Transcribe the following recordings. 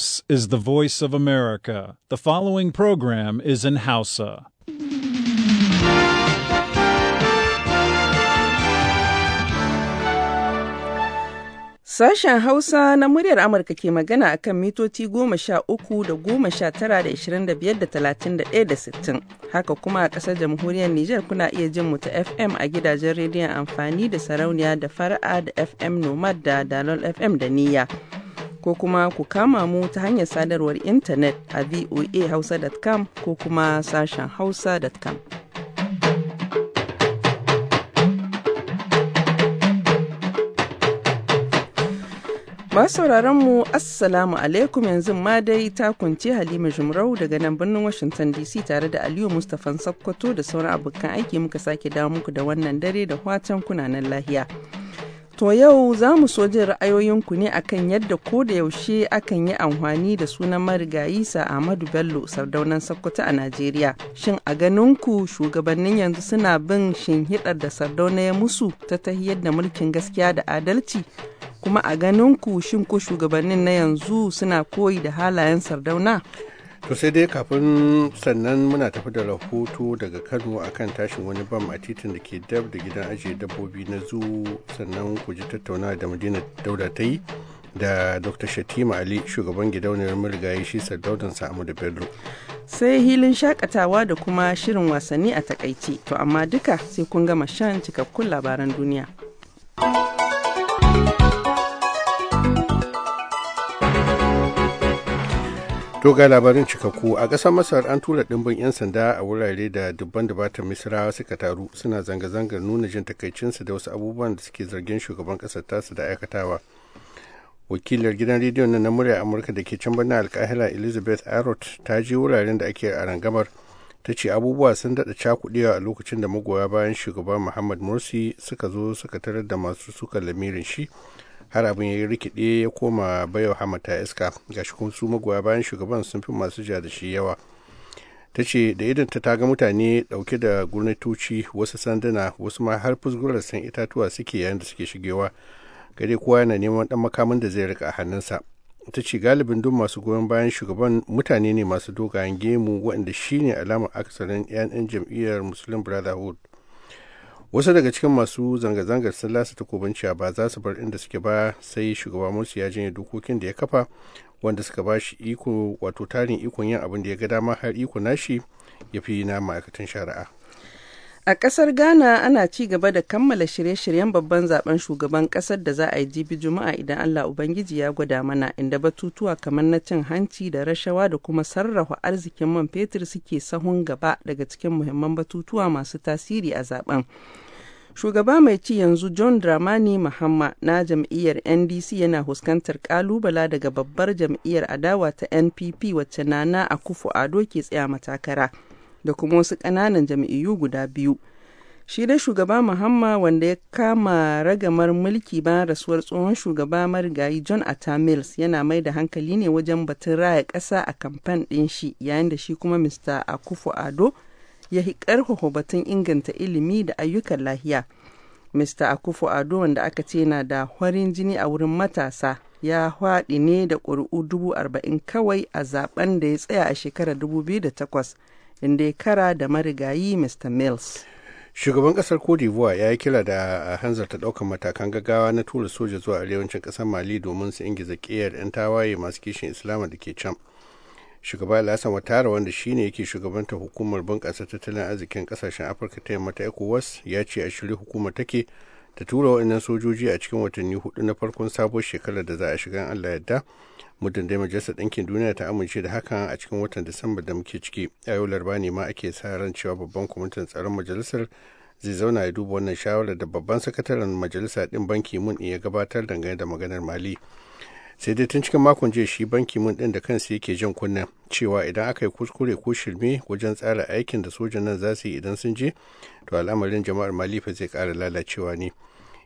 This is the voice of America. The following program is in Hausa. Sashen Hausa na muryar Amurka ke magana a kan mitoci goma sha uku da goma sha tara da ishirin da biyar da talatin da ɗaya da sittin. Haka kuma a ƙasar jamhuriyar Nijar kuna iya jin mu ta FM a gidajen rediyon amfani da sarauniya da fara'a da FM Nomad da Dalol FM da Niyya. ko kuma ku kama mu ta hanyar sadarwar intanet a voahausa.com ko kuma sashen hausa.com. sauraron mu assalamu alaikum yanzu ma dai ta kunce halima jumrau daga nan birnin washington dc tare da aliyu mustapha sakkwato da sauran abokan aiki muka sake dawo muku da wannan dare da watan kunanan lahiya To yau za mu so jin ra'ayoyinku ne akan yadda ko da yaushe akan yi amfani da sunan marigayi sa Ahmadu Bello sardaunan Sokoto a Najeriya. Shin a ganinku shugabannin yanzu suna bin shinhiɗar da sardauna ya musu ta tahiyar da mulkin gaskiya da adalci? Kuma a ganinku shin ko shugabannin na yanzu suna koyi da halayen sardauna? to sai dai kafin sannan muna tafi da rahoto daga kano a kan tashin wani bam a titin da ke dab da gidan ajiye dabbobi na zu sannan ku ji tattaunawa da madina dauda ta yi da dr shatima ali shugaban gidauniyar marigayi shi sardaunan samu da bello sai hilin shakatawa da kuma shirin wasanni a takaici to amma duka sai kun gama shan cikakkun labaran duniya. To ga labarin cikakku a ƙasar Masar an tura ɗimbin 'yan sanda a wurare da dubban dubatan Misrawa suka taru suna zanga-zangar nuna jin takaicinsu da wasu abubuwan da suke zargin shugaban ƙasar tasu da aikatawa. Wakilar gidan rediyon nan na murya Amurka da ke can birnin alkahira Elizabeth Arrot ta je wuraren da ake a rangamar ta ce abubuwa sun daɗa cakuɗewa a lokacin da magoya bayan shugaban Muhammad Morsi suka zo suka tarar da masu suka lamirin shi har abin ya yi rikide ya koma bayo hamata iska gashi kuma su magoya bayan shugaban sun fi masu ja da shi yawa ta ce da idan ta ga mutane dauke da gurnatoci wasu sanduna wasu ma har fusgurar san itatuwa suke yayin da suke shigewa gare kowa yana neman dan makamin da zai rika a hannunsa ta ce galibin duk masu goyon bayan shugaban mutane ne masu dogayen gemu waɗanda shine alamar aksarin 'yan jam'iyyar muslim brotherhood wasu daga cikin masu zanga-zangar sun lasa takobanci ba za su bar inda suke ba sai shugaba musu ya janye dokokin da ya kafa wanda suka ba shi iko wato tarin ikon yin abin da ya ga dama har iko nashi ya fi na ma'aikatan shari'a A ƙasar Ghana ana ci gaba da kammala shirye-shiryen babban zaben shugaban ƙasar da za a yi jibi Juma'a idan Allah Ubangiji ya gwada mana inda batutuwa kamar na cin hanci da rashawa da kuma sarrafa arzikin man fetur suke sahun gaba daga cikin muhimman batutuwa masu tasiri a zaben. Shugaba mai ci yanzu John Dramani Mahama na jam'iyyar NDC yana fuskantar kalubala daga babbar jam'iyyar adawa ta NPP wacce Nana kufu ado ke tsaya matakara. takara. da kuma wasu ƙananan jam'iyyu guda biyu. Shi dai shugaba Muhamma wanda ya kama ragamar mulki bayan rasuwar tsohon shugaba marigayi John Atta Mills yana mai da hankali ne wajen batun raya ƙasa a kamfan ɗin shi yayin da shi kuma Mr. Akufo Ado ya hi ƙarfafa batun inganta ilimi da ayyukan lahiya. Mr. Akufo Ado wanda aka ce na da horin jini a wurin matasa ya haɗi ne da ƙuri'u dubu arba'in kawai a zaben da ya tsaya a shekarar 2008 inda ya kara da marigayi Mr. Mills. Shugaban kasar Cote d'Ivoire ya yi kira da hanzarta ɗaukar matakan gaggawa na tura soja zuwa arewacin ƙasar Mali domin su ingiza ƙiyar 'yan tawaye masu kishin Islama da ke can. Shugaba Alhassan Watara wanda shine yake shugabanta hukumar bunƙasa tattalin arzikin kasashen Afirka ta yamma ta ECOWAS ya ce a shirye hukumar take ta tura waɗannan sojoji a cikin watanni hudu na farkon sabon shekarar da za a shiga Allah yadda muddin dai majalisar ɗinkin duniya ta amince da hakan a cikin watan disamba da muke ciki a yau laraba ne ma ake sa ran cewa babban kwamitin tsaron majalisar zai zauna ya duba wannan shawarar da babban sakataren majalisa ɗin banki mun ya gabatar dangane da maganar mali sai dai tun cikin makon jiya shi banki mun ɗin da kansa yake jan kunnen cewa idan aka yi kuskure ko shirme wajen tsara aikin da sojan nan za su yi idan sun je to al'amarin jama'ar mali fa zai ƙara lalacewa ne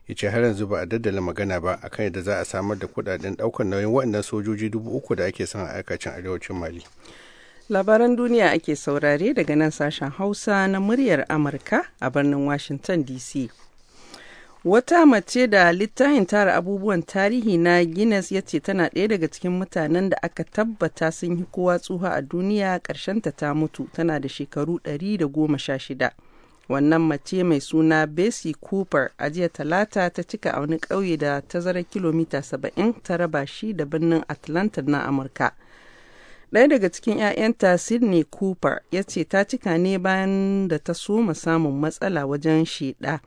ya ce har yanzu ba a daddala magana ba akan yadda za a samar da kudaden daukar nauyin waɗannan sojoji dubu uku da ake son a aikacin arewacin mali labaran duniya ake saurare daga nan sashen hausa na muryar amurka a birnin washington dc wata mace da littafin tara abubuwan tarihi na guinness ya ce tana ɗaya daga cikin mutanen da aka tabbata sun yi kowa tsuha a duniya ƙarshenta ta mutu tana da shekaru 116 wannan mace mai suna Bessie Cooper a jiya talata ta cika a wani ƙauye da tazarar kilomita 70 ta raba shi da birnin Atlanta na Amurka. Ɗaya daga cikin 'ya'yanta Sydney Cooper ya ce ta cika ne bayan da ta soma samun matsala wajen sheɗa.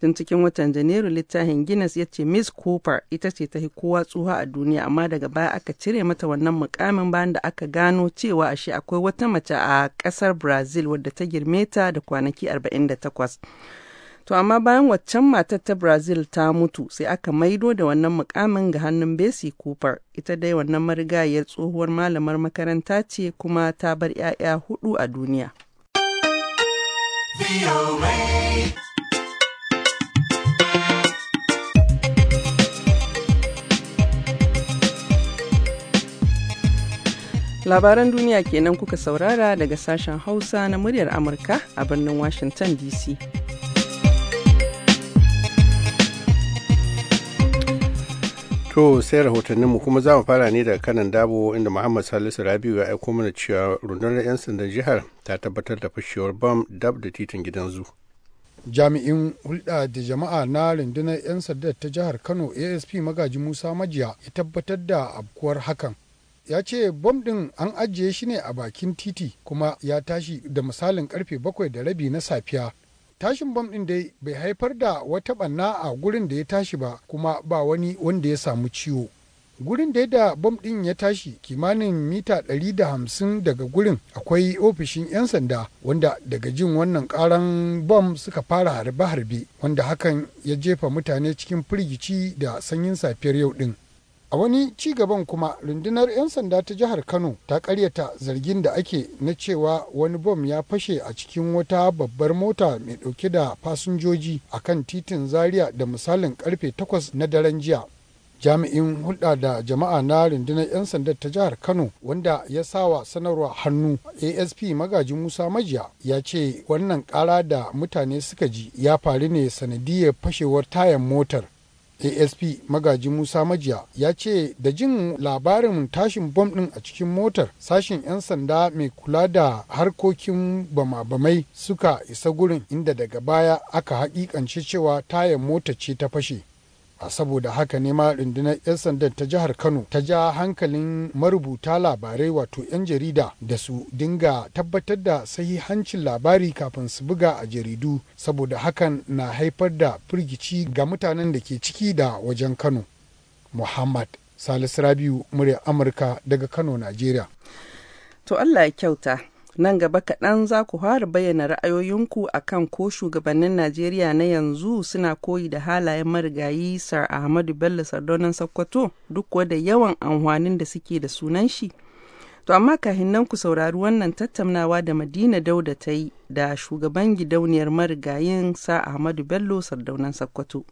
tun cikin watan janairu littafin guinness ya ce miss cooper ita ce ta kowa tsuha a duniya amma daga baya aka cire mata wannan mukamin bayan da aka gano cewa shi akwai wata mace a kasar brazil wadda ta girme ta da kwanaki 48 to amma bayan waccan matar ta brazil ta mutu sai aka maido da wannan mukamin ga hannun besi cooper ita dai wannan marigayar tsohuwar malamar makaranta ce kuma ta bar 'ya'ya hudu a duniya. Labaran duniya kenan kuka saurara daga sashen Hausa na muryar Amurka a birnin Washington DC. To sai rahotanninmu kuma za mu fara ne daga kanan dabo inda Muhammad Salisu Rabiu ya aiko mana cewa rundunar 'yan sandan jihar ta tabbatar da fashewar bam dab da titin gidan zu. Jami'in hulɗa da jama'a na rundunar 'yan sanda ta jihar Kano ASP Magaji Musa Majiya ya tabbatar da abkuwar hakan ya ce bom ɗin an ajiye shi ne a bakin titi kuma ya tashi da misalin karfe bakwai da rabi na safiya tashin bom ɗin dai bai haifar da wata ɓanna a gurin da ya tashi ba kuma ba wani wanda ya samu ciwo gurin da da bom ɗin ya tashi kimanin mita 150 daga gurin akwai ofishin 'yan sanda wanda daga jin wannan karan bom suka fara harbe-harbe wanda hakan ya jefa mutane cikin firgici da sanyin safiyar yau ɗin a wani ci gaban kuma rundunar 'yan sanda ta jihar kano ta karyata zargin da ake na cewa wani bom ya fashe a cikin wata babbar mota mai dauke da fasinjoji a kan titin zaria da misalin karfe 8 na daren jiya jami'in hulɗa da jama'a na rundunar 'yan sanda ta jihar kano wanda ya sawa sanarwa hannu asp magajin musa majiya ya ce wannan kara da mutane suka ji ya faru ne sanadiyar fashewar tayan motar asp magaji musa majiya ya ce da jin labarin tashin bom ɗin a cikin motar sashin 'yan sanda mai kula da harkokin bama-bamai suka isa gurin inda daga baya aka haƙiƙance cewa tayar mota ce ta fashe a saboda haka ne ma rundunar 'yan sandan ta jihar kano ta ja hankalin marubuta labarai wato 'yan jarida da su dinga tabbatar da sahihancin labari kafin su buga a jaridu saboda hakan na haifar da firgici ga mutanen da ke ciki da wajen kano muhammad salisu rabiu murya amurka daga kano najeriya to allah ya kyauta nan gaba kaɗan za ku fara bayyana ra'ayoyinku a kan ko shugabannin najeriya na yanzu suna koyi da halayen marigayi sir ahmadu bello sardaunan sokoto duk da yawan amfanin da suke da sunan shi to amma kahin nan ku saurari wannan tattaunawa da madina dauda ta yi da shugaban gidauniyar marigayin sa ahmadu bello sardaunan sokoto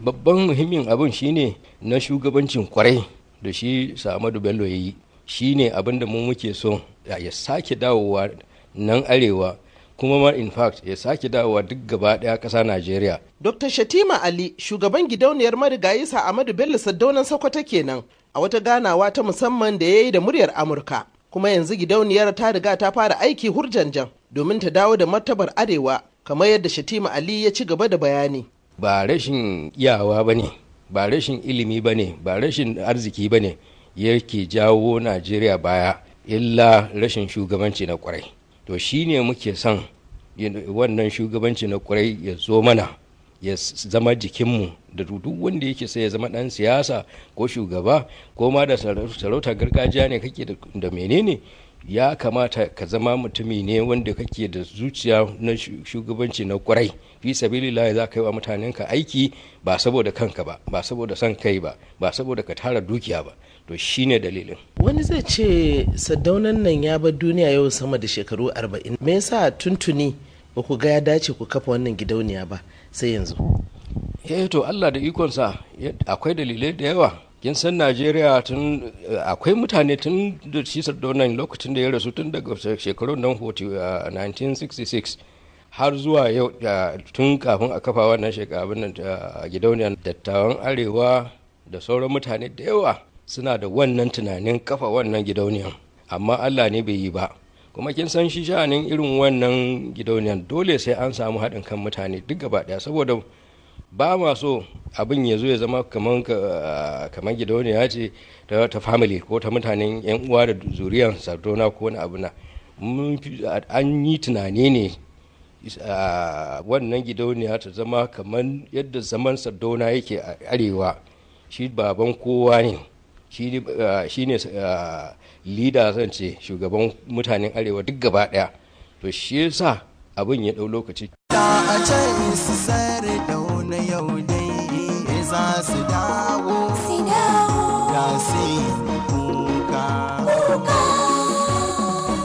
babban muhimmin abin shine na shugabancin kwarai da shi sa ahmadu bello ya yi shine abin da mu muke so ya sake dawowa nan arewa kuma ma in fact ya sake dawowa duk gaba daya kasa Najeriya. Dr. Shatima Ali shugaban gidauniyar marigayi Ahmadu Bello Saddaunan Sokoto kenan a wata ganawa ta musamman da ya yi da muryar Amurka. Kuma yanzu gidauniyar ta riga ta fara aiki hurjanjan domin ta dawo da martabar arewa kamar yadda Shatima Ali ya ci gaba da bayani. Ba rashin iyawa ba ne, ba rashin ilimi ba ne, ba rashin arziki ba ne yake jawo Najeriya baya. illa rashin shugabanci na kwarai to shi ne muke son wannan shugabanci na kwarai ya zo mana ya zama jikinmu da duk wanda yake sai ya zama ɗan siyasa ko shugaba ko ma da sarauta gargajiya ne kake da menene ya kamata ka zama mutumi ne wanda kake da zuciya na shugabanci na kwarai fi sabilillah za ka yi wa ka aiki ba saboda kanka ba ba saboda son kai ba ba saboda ka tara dukiya ba to shine dalilin wani zai ce saddaunan nan ya bar duniya yau sama da shekaru 40 me yasa tuntuni ba ku ga ya dace ku kafa wannan gidauniya ba sai yanzu eh to Allah da ikonsa akwai dalilai da yawa kin san najeriya tun eh, akwai mutane tun da shi sardonan lokacin da ya rasu tun daga shekarun nan 1966 uh, har zuwa yau uh, tun kafin a kafa wannan shekarun nan a uh, gidauniyar dattawan arewa da sauran mutane da yawa suna da wannan tunanin kafa wannan gidauniyar amma allah ne bai yi ba kuma kin san shi sha'anin irin wannan gidauniyar dole sai an samu haɗin kan mutane duk gaba ɗaya saboda ba ma so abin ya zo ya zama kamar kamar gidauniya ce ta ta family ko ta mutanen yan uwa da zuriyar sardona ko wani abu na an yi tunani ne wannan gidauniya ta zama kamar yadda zaman sardona yake a arewa shi baban kowa ne shi ne lida zan ce shugaban mutanen arewa duk gaba daya to shi yasa abin ya dau lokaci yau dai za su dawo da su kuka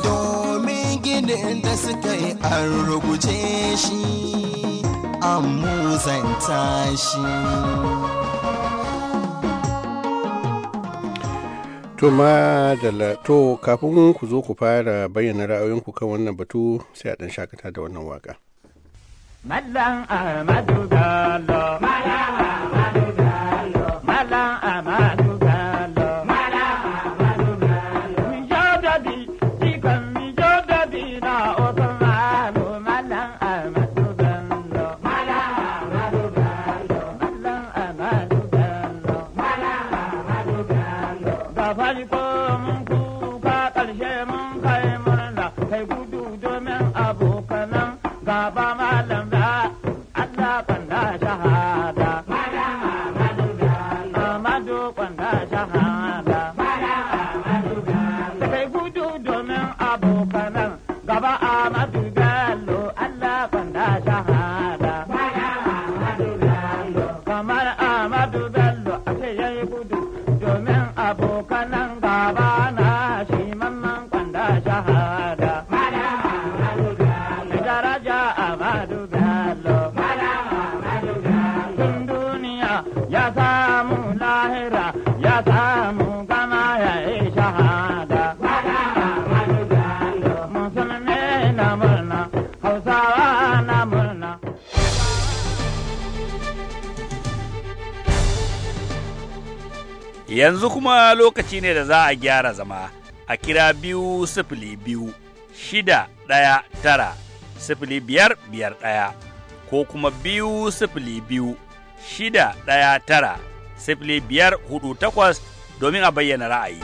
domin ginin da suka yi an rubuce shi an muzanta shi To da to kafin ku zo ku fara bayyana ra'ayoyinku kan wannan batu sai a ɗan shakata da wannan waka. Mallam Ahmadu Bello. Mallam ya samu ya yi shahada. Musulmi na murna, Hausawa na murna. Yanzu kuma lokaci ne da za a gyara zama a kira biyu sifili biyu, shida ɗaya tara, sifili biyar biyar ɗaya, ko kuma biyu sifili biyu, shida ɗaya tara. sifili biyar hudu takwas domin a bayyana ra'ayi.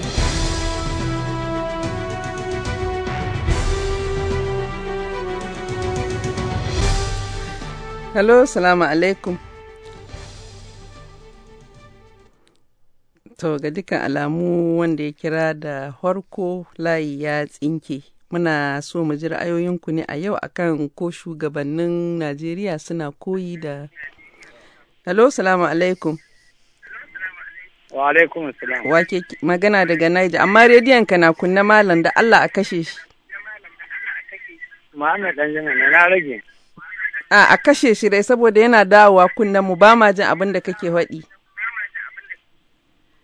Hello, salamu alaikum. To ga dukkan alamu wanda ya kira da harko layi ya tsinke. Muna so mu ji ra'ayoyinku ne a yau akan ko shugabannin Najeriya suna koyi da. Hello, salamu alaikum. Wa alaikum assalam. Wa ke magana daga Niger amma rediyon ka na kunna malam da Allah a kashe shi. Ma'ana dan jin na rage. A a kashe shi dai saboda yana dawowa kunna mu ba ma jin abin da kake faɗi.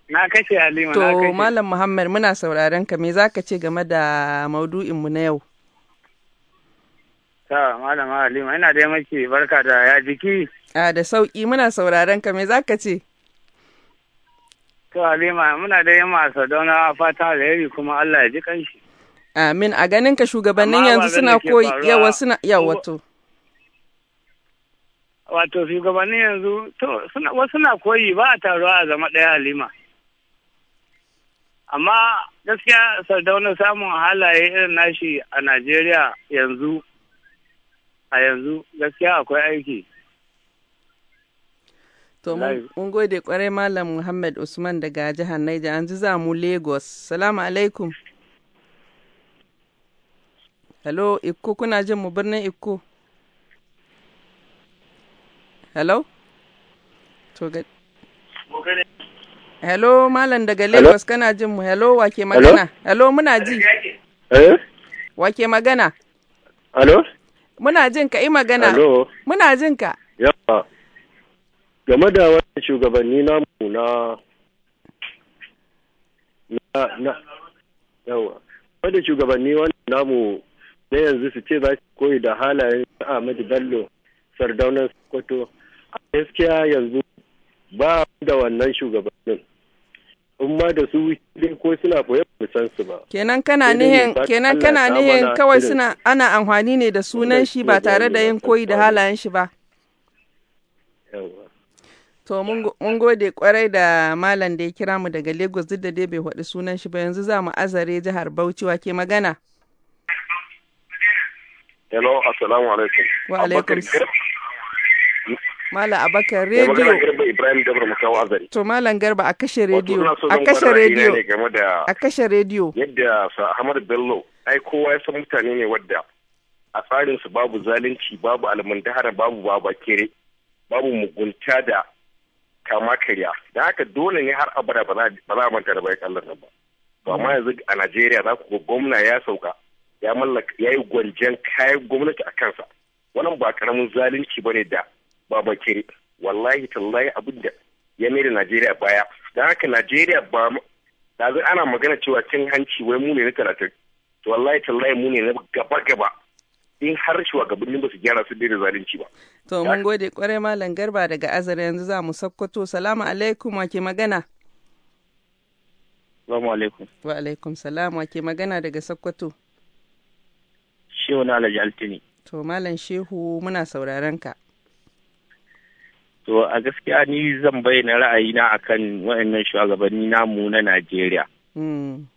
Na kashe Halima na kashe. To malam Muhammad muna sauraron ka me zaka ce game da maudu'in mu na yau? Ta malam Halima ina dai maki barka da ya jiki. A da sauki muna sauraron ka me zaka ce? To Halima muna da yin masa don fata alheri kuma Allah ya ji kanshi. Amin a ganin ka shugabannin yanzu suna koyi yawa suna yawa wato. Wato shugabannin yanzu to suna wasu na koyi ba a taruwa a zama ɗaya Halima. Amma gaskiya sardauna samun halaye irin nashi a Najeriya yanzu a yanzu gaskiya akwai aiki. To mun gode kwarai Malam Muhammad Usman daga jihar Niger an ji za mu Lagos. Salamu alaikum. Hello Iko kuna jin mu birnin Iko. Hello? To ga Hello Malam daga Lagos kana jin mu? Hello wake magana? Hello muna ji. Eh? Wake magana? Hello? Muna jin ka yi magana. Hello? Muna jin ka. Yawa. game da wani shugabanni namu na na yawa shugabanni wani namu na yanzu su ce za su koyi da halayen Ahmadu Bello Sardaunan Sokoto a gaskiya yanzu ba da wannan shugabannin in ma da su dai ko suna koyar da san su ba kenan kana nihin kenan kana nihin kawai suna ana amfani ne da sunan shi ba tare da yin koyi da halayen shi ba yawa To mun gode kwarai da malam da ya kira mu daga Lagos duk da dai bai haɗu sunan shi ba yanzu za mu azare jihar Bauchi wa ke magana. Hello, assalamu alaikum. Wa alaikum. Malam Abakar rediyo. Ibrahim Azari. To Malam Garba a kashe rediyo. A kashe rediyo. A kashe rediyo. Yadda sa Ahmad Bello ai kowa ya san mutane ne wadda a tsarinsu babu zalunci babu almundahara babu babakere babu mugunta da kama karya da haka dole ne har abada ba za a manta da bayan kallon nan ba to amma yanzu a Najeriya za ku ga gwamna ya sauka ya mallaka ya yi gwanjen kayan gwamnati a kansa wannan ba karamin zalunci bane da baba kiri wallahi tallahi abin da ya mai da Najeriya baya da haka Najeriya ba da ana magana cewa cin hanci wai mu ne na talatin to wallahi tallahi mu ne na gaba gaba in har shugabannin ba su gyara su daina zalunci ba. To mun gode kwarai malam garba daga azare yanzu za mu sakkwato salamu alaikum wa ke magana. Salamu alaikum. Wa alaikum salam wa ke magana daga sakkwato. Shehu na Alhaji Altini. To malam Shehu muna sauraron ka. To a gaskiya ni zan bayyana ra'ayina akan wa'annan shugabanni namu na Najeriya. Hmm.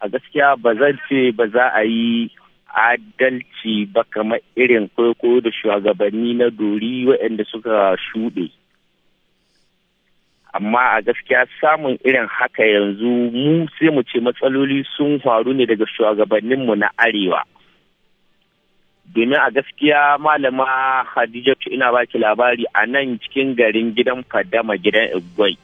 A gaskiya ba zan ce ba za a yi adalci ba kamar irin kwaikwayo da shugabanni na dori waɗanda suka shuɗe amma a gaskiya samun irin haka yanzu mu sai mu ce matsaloli sun faru ne daga shugabanninmu na arewa domin a gaskiya malama hadijatu ina baki labari a nan cikin garin gidan fadama gidan igwai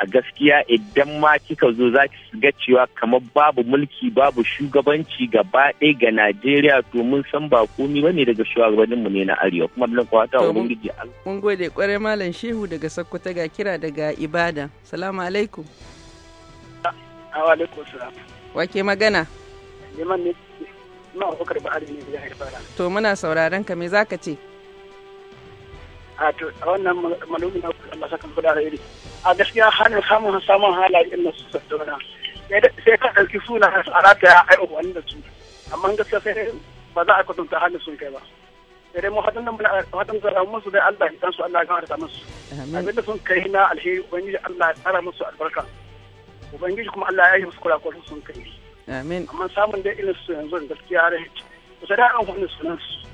a gaskiya idan ma kika zo za ki ga cewa kamar babu mulki babu shugabanci gaba ɗaya ga Najeriya to mun san ba komi ba ne daga shugabanninmu ne na Arewa kuma da kwata wa Ubangiji Allah. Mun gode kwarai Malam Shehu daga Sokoto ga kira daga Ibadan. Salamu alaikum. Wa alaikum salam. Wa ke magana? Liman ne. Ina Abubakar Ba'ari ne da Ibadan. To muna sauraron ka me zaka ce? a wannan malumi na Allah saka ku da alheri a gaskiya halin samun samun halaye na su sassauna sai ka ɗauki suna a rataya a yi umarni da su amma gaskiya sai ba za a kwatanta halin sun kai ba sai dai mu hatan da hatan da ramu musu dai Allah ya su Allah ya gafarta musu Amin. da sun kai na alheri ubangiji Allah ya tsara musu albarka ubangiji kuma Allah ya yi musu kurakurai sun kai amin amma samun dai irin su yanzu gaskiya rai an sunan su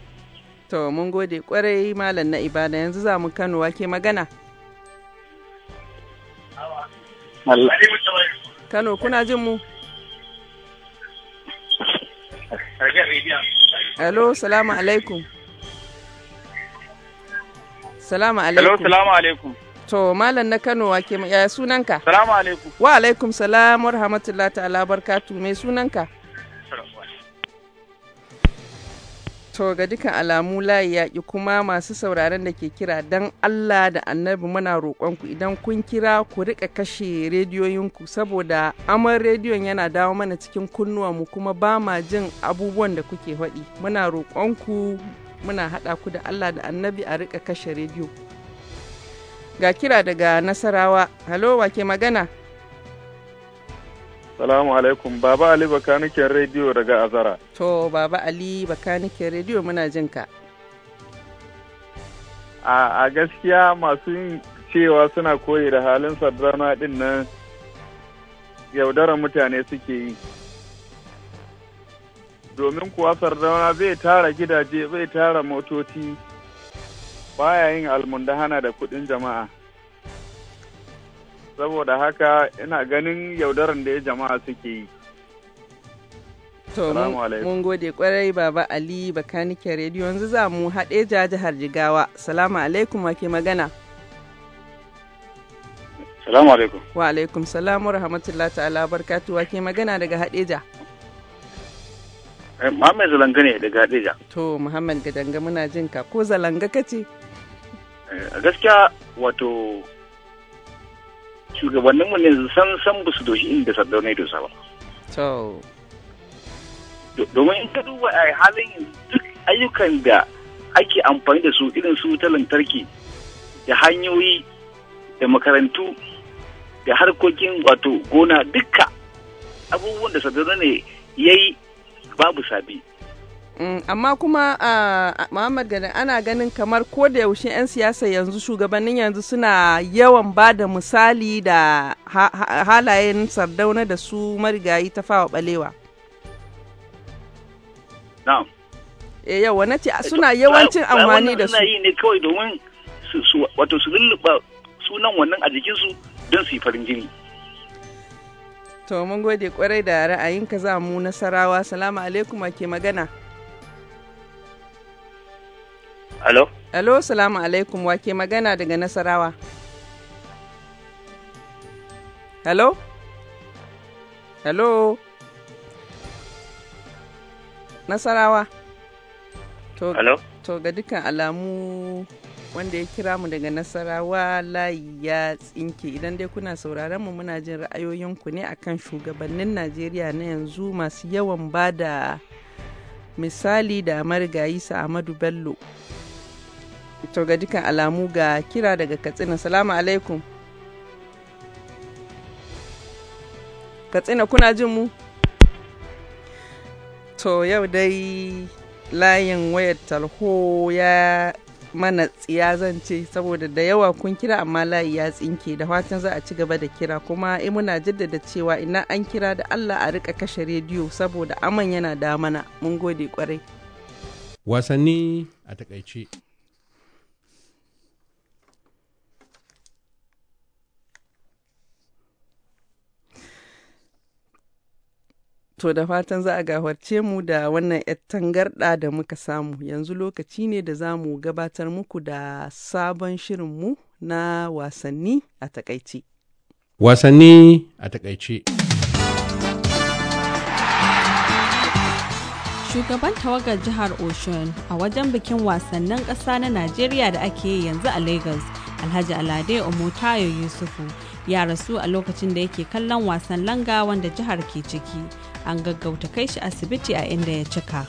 To mun gode kwarai malam na ibada yanzu za mu Kano wake magana. Kano kuna jin mu? Hello, salamu alaikum. Salamu alaikum. Hello, salamu alaikum. To, malam na Kano wake yaya sunanka? Salamu alaikum. Wa alaikum salam wa rahmatullahi ta'ala barkatu. Me sunanka? To ga dukan alamu layi yaƙi kuma masu sauraron da ke kira don Allah da annabi muna roƙonku idan kun kira ku riƙa kashe rediyoyinku saboda amar rediyon yana dawo mana cikin mu kuma ba ma jin abubuwan da kuke faɗi. Muna roƙonku muna haɗa ku da Allah da annabi a riƙa kashe rediyo. Ga kira daga Nasarawa, halo wake magana? Salamu alaikum, Baba Ali Bakanikin Rediyo daga Azara. To, Baba Ali Bakanikin Rediyo muna jin ka. A, gaskiya masu cewa suna koyi da halin sadrana din nan yaudarar mutane suke yi. Domin kuwa sardauna zai tara gidaje, zai tara motoci, baya yin almundahana da kuɗin jama'a. saboda haka ina ganin yaudaran da ya jama'a suke yi to mun gode kwarai baba ali bakanike rediyo yanzu za mu haɗe ja jihar jigawa salamu alaikum wake magana salamu alaikum wa alaikum salamu rahmatullahi ta'ala barkatu wake magana daga haɗeja eh, Muhammad Zalanga ne daga ja To, Muhammad Gadanga muna jin ka ko Zalanga kace? Eh, a gaskiya wato shugabannin mu ne san san ba su doshi inda sardauna ya dosa ba domin in ka duba a halin duk ayyukan da ake amfani da su irin su ta lantarki da hanyoyi da makarantu da harkokin wato gona duka abubuwan da sardauna ne ya yi babu sabi Mm, amma kuma Muhammad Gani ana ganin kamar ko da yaushe 'yan siyasa yanzu shugabannin yanzu suna yawan ba da misali da halayen sardauna da su marigayi ta fawa balewa. Na'am. Eh, yawa na ce eh, suna yawancin amfani da su. Suna yi ne kawai domin su wato su lulluɓa sunan wannan a jikinsu don su yi farin jini. To mun gode kwarai da ra'ayinka za mu nasarawa. Salamu alaikum ke magana. Alo? Alo, salamu alaikum wake magana daga Nasarawa. Alo? Hello? Nasarawa? To, to ga dukkan alamu wanda ya kira mu daga Nasarawa layi ya tsinke idan dai kuna sauraron mu muna jin ra'ayoyinku ne akan shugabannin Najeriya na yanzu masu yawan bada misali da marigayi Amadu Bello. fitar ga dukan alamu ga kira daga katsina salamu alaikum katsina kuna jin mu to yau dai layin wayar talho ya mana tsiya zan ce saboda da yawa kun kira amma layi ya tsinke da fatan za a ci gaba da kira kuma in eh, muna jaddada cewa ina an kira da Allah a rika kashe rediyo saboda aman yana damana mun gode kwarai wasanni a takaice To da fatan za a gafarce mu da wannan 'yar tangarɗa da muka samu yanzu lokaci ne da za mu gabatar muku da sabon shirinmu na wasanni a takaice. Wasanni a takaice. Shugaban tawagar jihar Oshun a wajen bikin wasannin ƙasa na Najeriya da ake yanzu a Lagos, Alhaji Alade Omotayo Yusufu ya rasu a lokacin da yake kallon wasan langa wanda jihar ke ciki. an gaggauta kai shi asibiti a inda ya cika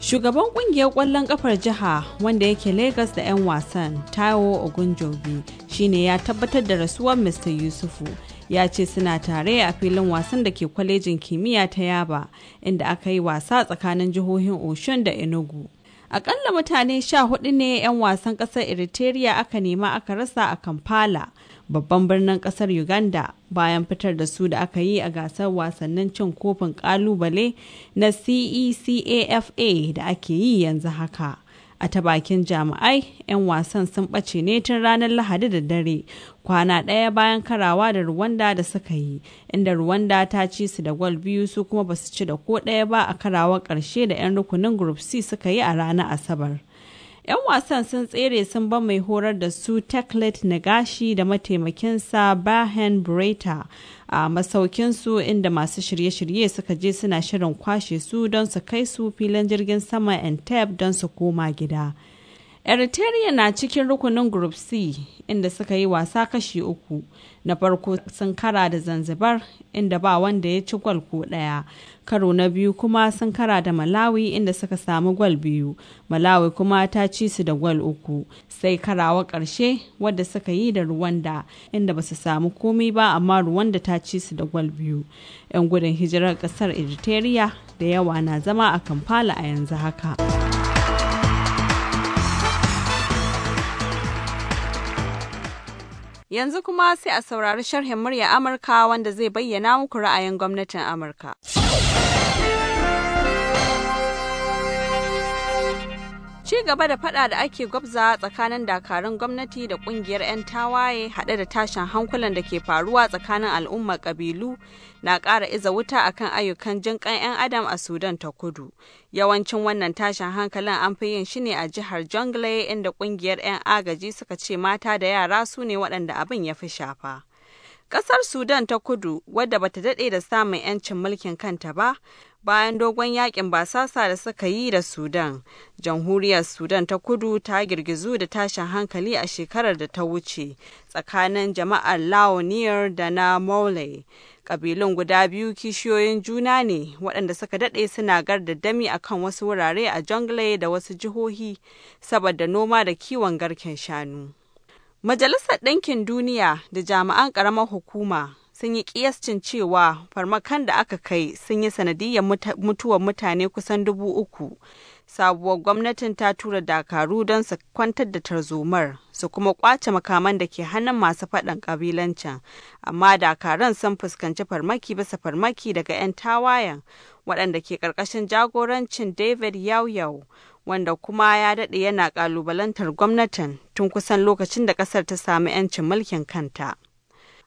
shugaban kungiyar kwallon kafar jiha wanda yake lagos da 'yan wasan taiwo ogunjobi shine ya tabbatar da rasuwar mr yusufu ya ce suna tare a filin wasan da ke kwalejin kimiyya ta yaba inda aka yi wasa tsakanin jihohin oshun da enugu akalla mutane sha hudu ne 'yan wasan kasar eritrea aka nema aka rasa a kampala babban birnin kasar Uganda bayan fitar da su da aka yi a gasar wasannin cin kofin kalubale na CECAFA da ake yi yanzu haka. A ta bakin jami'ai, 'yan wasan sun ɓace ne tun ranar Lahadi da dare, kwana ɗaya bayan karawa da Rwanda da suka yi, inda Rwanda ta ci su da gwal biyu su kuma ba su ci da ko ɗaya ba a karawar ƙarshe da 'yan rukunin Group C suka yi a ranar Asabar. 'Yan wasan sun tsere sun ba mai horar da su Teklet gashi da mataimakinsa Bahen Breta a masaukinsu inda masu shirye-shirye suka je suna shirin kwashe su don su kai su filin jirgin sama Entebbe don su koma gida. Eritrea na cikin rukunin Group C inda suka yi wasa kashi uku na farko sun kara da Zanzibar inda ba wanda ya ci gwal ko ɗaya. Karo na biyu kuma sun kara da Malawi inda suka samu gwal biyu. Malawi kuma ta ci su da gwal uku. Sai karawa ƙarshe wadda suka yi da Rwanda inda ba su samu komi ba amma Rwanda ta ci su da gwal biyu. 'Yan gudun hijirar kasar Eritrea da yawa na zama a Kampala a yanzu haka. Yanzu kuma sai a saurari sharhin murya Amurka wanda zai bayyana muku ra'ayin gwamnatin Amurka. ci gaba da fada da ake gwabza tsakanin dakarun gwamnati da kungiyar 'yan tawaye haɗe da tashin hankulan da ke faruwa tsakanin al'ummar ƙabilu na ƙara iza wuta akan ayyukan jinƙan 'yan adam a sudan ta kudu yawancin wannan tashin hankalin an fi yin shi ne a jihar jonglei inda kungiyar 'yan agaji suka ce mata da yara su ne waɗanda abin ya fi shafa Ƙasar Sudan ta kudu, wadda bata daɗe da samun 'yancin mulkin kanta ba, bayan dogon yakin basasa da suka yi da Sudan. Jamhuriyar Sudan ta kudu ta girgizu da tashin hankali a shekarar da ta wuce tsakanin jama'ar Laonir da na Maulai. Kabilun guda biyu kishiyoyin juna ne waɗanda suka daɗe suna gardadami a kan wasu wurare a jungle da wasu jihohi saboda noma da kiwon garken shanu. Majalisar Ɗinkin Duniya da jami'an ƙaramar hukuma sun yi ƙiyascin cewa farmakan da aka kai sun yi sanadiyar mutuwar mutane kusan dubu uku. Sabuwar gwamnatin ta tura dakaru don su kwantar da tarzomar su kuma kwace makaman da ke hannun masu faɗan ƙabilancin, amma dakaran sun fuskanci farmaki bisa farmaki daga 'yan tawayen waɗanda ke ƙarƙashin jagorancin David Yauyau. wanda kuma ya daɗe yana ƙalubalantar gwamnatin tun kusan lokacin da ƙasar ta sami 'yancin mulkin kanta.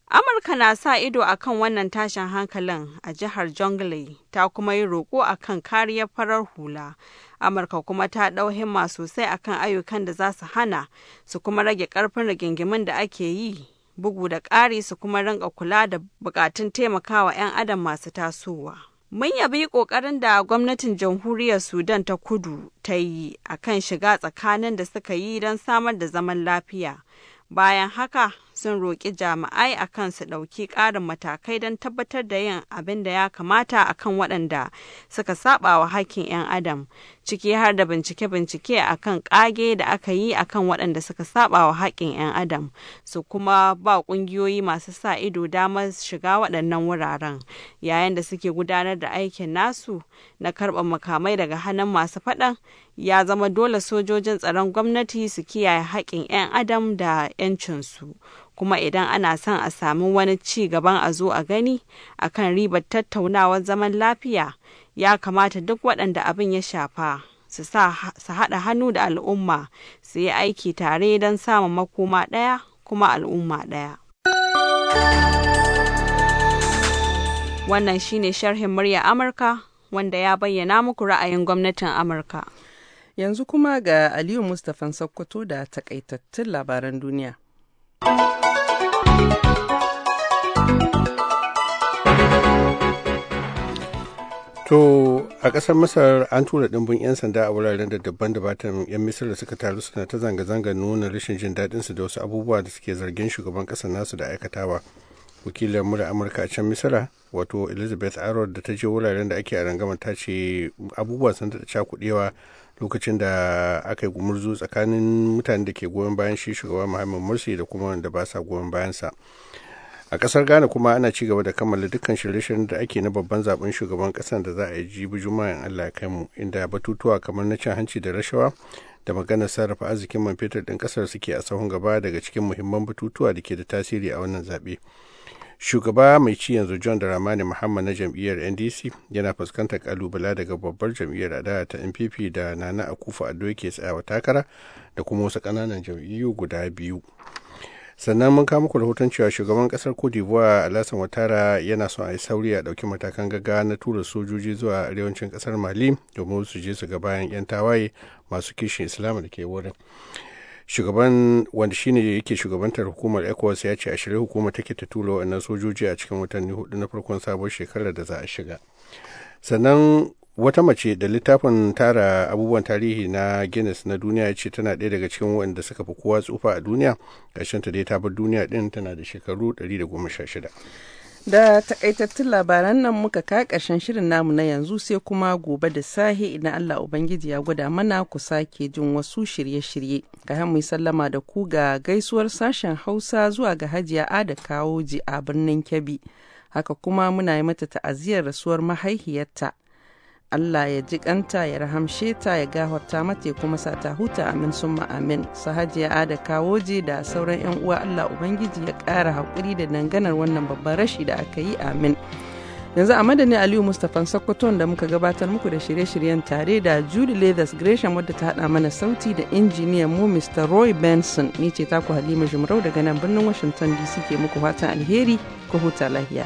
Amurka na sa ido a kan wannan tashin hankalin a jihar Jonglei ta kuma yi roƙo a kan kariyar farar hula. Amurka kuma ta ɗau himma sosai a kan ayyukan da za su hana su kuma rage ƙarfin rigingimin da ake yi bugu da ƙari su kuma rinka kula da buƙatun taimakawa 'yan adam masu tasowa. Mun yabi ƙoƙarin da gwamnatin jamhuriyar Sudan ta kudu ta yi a kan shiga tsakanin da suka yi don samar da zaman lafiya. Bayan haka, sun roƙi jami'ai a kan su ɗauki ƙarin matakai don tabbatar da yin abin da ya kamata a kan waɗanda suka saba wa hakkin 'yan adam ciki har da bincike-bincike a kan ƙage da aka yi a kan waɗanda suka saba wa hakkin 'yan adam su kuma ba ƙungiyoyi masu sa ido damar shiga waɗannan wuraren yayin da suke gudanar da aikin nasu na karɓar makamai daga hannun masu faɗan ya zama dole sojojin tsaron gwamnati su kiyaye haƙƙin 'yan adam da 'yancinsu kuma idan ana son a sami wani ci gaban a zo a gani a kan ribar tattaunawar zaman lafiya ya kamata duk waɗanda abin ya shafa su haɗa hannu da al'umma su yi aiki tare don samun makoma ɗaya kuma al'umma ɗaya. Wannan shine sharhin murya Amurka wanda ya bayyana muku ra'ayin gwamnatin Amurka. Yanzu kuma ga Aliyu Mustapha Sokoto da takaitattun labaran duniya. To a ƙasar Masar an tura ɗimbin 'yan sanda a wuraren da dabban da batan 'yan Misir da suka taru suna ta zanga-zanga nuna rashin jin daɗinsu da wasu abubuwa da suke zargin shugaban ƙasar nasu da aikatawa. Wakilin mura Amurka a can Misira wato elizabeth arrow da ta je wuraren da ake a rangama ta ce abubuwa sun ta cakudewa lokacin da aka yi gumurzu tsakanin mutane da ke goyon bayan shi shugaba muhammad morsi da kuma wanda ba sa goyon bayansa a kasar ghana kuma ana ci gaba da kammala dukkan shirye-shiryen da ake na babban zaben shugaban kasar da za a yi jibi juma'in allah kai mu inda batutuwa kamar na cin hanci da rashawa da maganar sarrafa arzikin man fetur ɗin kasar suke a sahun gaba daga cikin muhimman batutuwa da ke da tasiri a wannan zaɓe. shugaba mai ci yanzu john ramani muhammad na jam'iyyar ndc yana fuskantar kalubala daga babbar jam'iyyar adawa ta npp da nana akufa ado ke tsayawa takara da kuma wasu ƙananan jam'iyyu guda biyu sannan mun kama kula rahoton cewa shugaban kasar cote d'ivoire alasan watara yana son a yi sauri a ɗauki matakan gaga na tura sojoji zuwa arewacin kasar mali domin su je su ga bayan 'yan tawaye masu kishin islam da ke wurin shugaban wanda shine yake shugabantar hukumar ecowas ya ce a shirye hukumar take ta tura wa'annan sojoji a cikin watanni hudu na farkon sabon shekarar da za a shiga sannan wata mace da littafin tara abubuwan tarihi na guinness na duniya ce tana ɗaya daga cikin waɗanda suka fi kowa tsufa a duniya ƙarshen ta dai ta bar duniya ɗin tana da shekaru 116 Da takaitattun labaran nan muka ka ƙarshen shirin namu na yanzu sai kuma gobe da sahi idan Allah Ubangiji ya gwada mana ku sake jin wasu shirye-shirye. Ka mu sallama da ku ga gaisuwar sashen Hausa zuwa ga Hajiya a kawo ji a birnin Kebbi. Haka kuma muna yi mata ta'aziyar rasuwar mahaihiyarta Allah ya ji kanta ya rahamshe ta ya gafarta mata ya kuma sa ta huta amin sun amin sahajiya ada kawoje da sauran yan uwa Allah ubangiji ya kara haƙuri da danganar wannan babban rashi da aka yi amin yanzu a madani aliyu mustapha sokoto da muka gabatar muku da shirye-shiryen tare da julie leathers gresham wadda ta hada mana sauti da injiniyan mu mr roy benson ni ce ku halima jumrau daga nan birnin washington dc ke muku fatan alheri ku huta lahiya